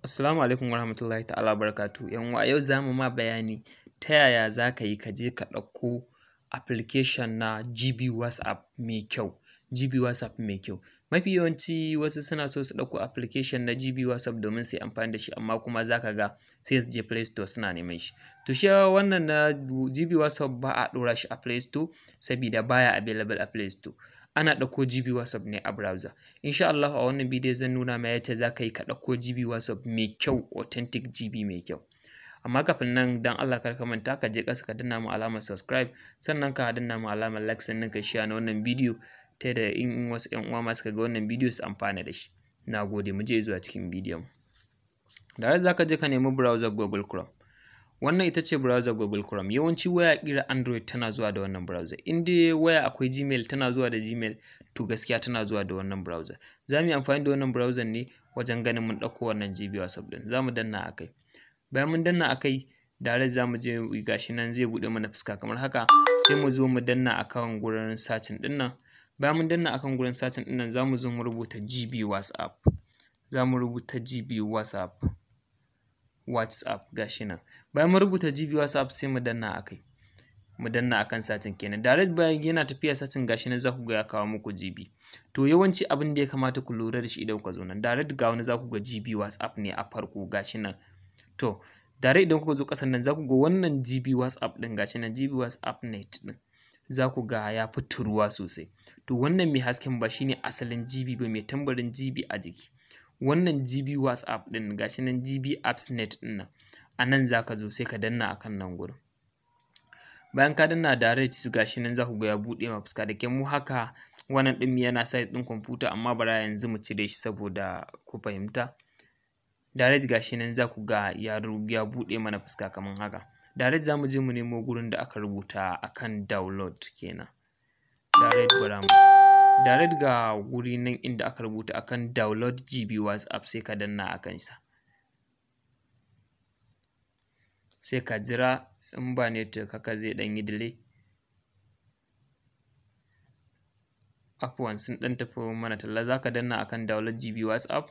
Assalamu alaikum warahmatullahi ta'ala barakatu. Yan a yau za mu ma bayani ta yaya za ka yi ka je ka ɗauko application na GB WhatsApp mai kyau. GB WhatsApp mai kyau. Mafi yawanci wasu suna so su ɗauko application na GB WhatsApp domin su yi amfani da shi amma kuma za ka ga sai su je Play Store suna neman shi. To shi wannan na GB WhatsApp ba a ɗora shi a Play Store sabida baya available a Play Store. Ana ɗauko GB WhatsApp ne a browser. sha Allah a wannan bidiyo zan nuna ma yadda za ka yi ka ɗauko GB WhatsApp mai kyau authentic GB mai kyau. amma kafin nan dan Allah kar ka manta ka je ƙasa ka danna mu alamar subscribe sannan ka danna mu alamar like sannan ka share na wannan bidiyo ta yadda in wasu 'yan uwa ma suka ga wannan bidiyo su amfana da shi na gode mu je zuwa cikin bidiyon da za ka je ka nemi browser google chrome wannan ita ce browser google chrome yawanci waya kira android tana zuwa da wannan browser in dai waya akwai gmail tana zuwa da gmail to gaskiya tana zuwa da wannan browser za mu yi amfani da wannan browser ne wajen ganin mun ɗauko wannan gb whatsapp din. za danna a bayan mun danna a kai direct za mu je gashi nan zai buɗe mana fuska kamar haka sai mu zo mu danna akan gurin searching ɗin nan bayan mun danna akan gurin satin ɗin nan za mu zo mu rubuta GB WhatsApp za mu rubuta GB WhatsApp WhatsApp gashi nan bayan mun rubuta GB WhatsApp sai mu danna akai mu danna akan satin kenan direct bayan yana tafiya satin gashi nan za ku ga ya kawo muku GB to yawanci abin da ya kamata ku lura da shi idan kuka zo nan direct ga wani za ku ga GB WhatsApp ne a farko gashi nan to direct idan kuka zo ƙasan nan za ku ga wannan GB WhatsApp ɗin gashi nan GB WhatsApp net ɗin za ku ga ya fi ruwa sosai. To wannan mai hasken ba shine asalin GB ba mai tambarin GB a jiki. Wannan GB WhatsApp ɗin gashi nan GB apps net nan. A nan za ka zo sai ka danna a kan nan gurin. Bayan ka danna direct gashi nan za ku ga ya buɗe ma fuska da mu haka wannan din yana size din kwamfuta amma bara yanzu mu cire shi saboda ku fahimta. Direct gashi nan za ku ga ya buɗe mana fuska kaman haka. direct za mu je mu nemo gurin da aka rubuta akan download kenan direct bara mu je direct ga guri nan inda aka rubuta akan download GB WhatsApp sai ka danna a sa sai ka jira in ba network haka zai ɗan yi delay afuwan sun ɗan tafi mana talla za ka danna akan download GB WhatsApp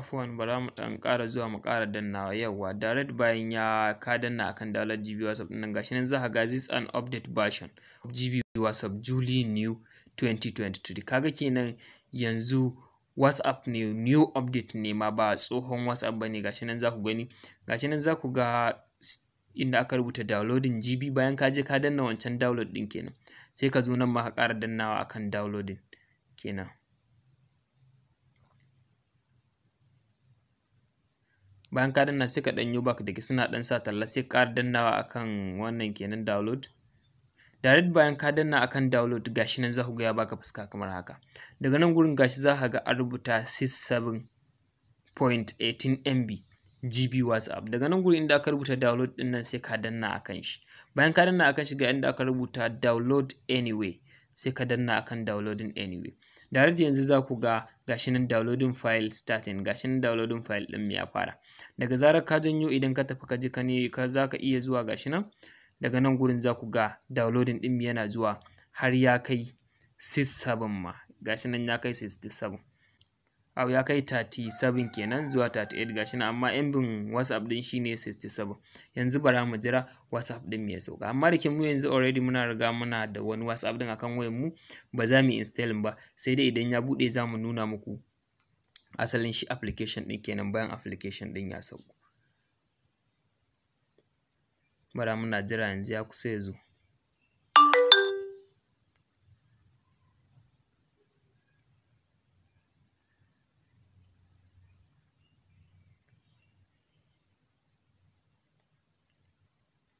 afuwan bara mu dan ƙara zuwa mu ƙara dannawa yawa direct bayan ya ka danna akan dalar GB WhatsApp nan gashi nan za ka ga this an update version of GB WhatsApp July new 2023 kaga kenan yanzu WhatsApp ne new update ne ma ba tsohon WhatsApp bane gashi nan za ku gani gashi nan za ga inda aka rubuta downloading GB bayan ka je ka danna wancan download din kenan sai ka zo nan ma ka ƙara dannawa akan downloading kenan bayan ka danna sai ka dan yi back da suna ɗan sa talla sai ka dannawa akan wannan kenan download direct bayan ka danna akan download gashi nan za ku ga ya baka fuska kamar haka daga nan gurin gashi za ka ga a rubuta 67.18 MB GB WhatsApp daga nan gurin inda aka rubuta download din nan sai ka danna akan shi bayan ka danna akan shi ga inda aka rubuta download anyway sai ka danna akan downloading anyway da yanzu za ku ga gashi nan downloading file starting gashi nan downloading file ɗin ya fara daga zarar ka janyo idan ka tafi ka ji ka ne ka za ka iya zuwa gashi daga nan gurin za ku ga downloading ɗin yana zuwa har ya kai 67 ma gashi ya kai 67 abu ya kai 37 kenan zuwa 38 gashi nan amma yan bin whatsapp din shine 67 yanzu bara mu jira whatsapp din mai ya sauka amma da mu yanzu already muna riga muna da wani whatsapp din akan wayan mu ba za mu install ba sai dai idan ya bude za mu nuna muku asalin shi application din kenan bayan application din ya sauko bara muna jira yanzu ya kusa ya zo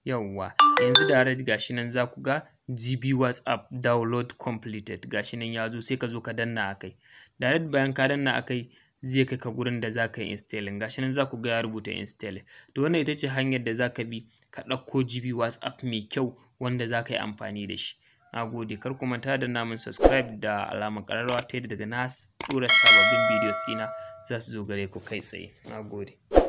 yawwa yanzu da direct gashi nan za ku ga GB WhatsApp download completed gashi nan ya zo sai ka zo ka danna a kai direct bayan ka danna a kai zai kai ka gurin da za ka yi installing gashi nan za ku ga ya rubuta installing to wannan ita ce hanyar da za ka bi ka ɗauko GB WhatsApp mai kyau wanda za ka yi amfani da shi na gode kar ku manta da namun subscribe da alamar ƙararrawa ta yadda daga na tura sababbin bidiyo ɗina za su zo gare ku kai tsaye na gode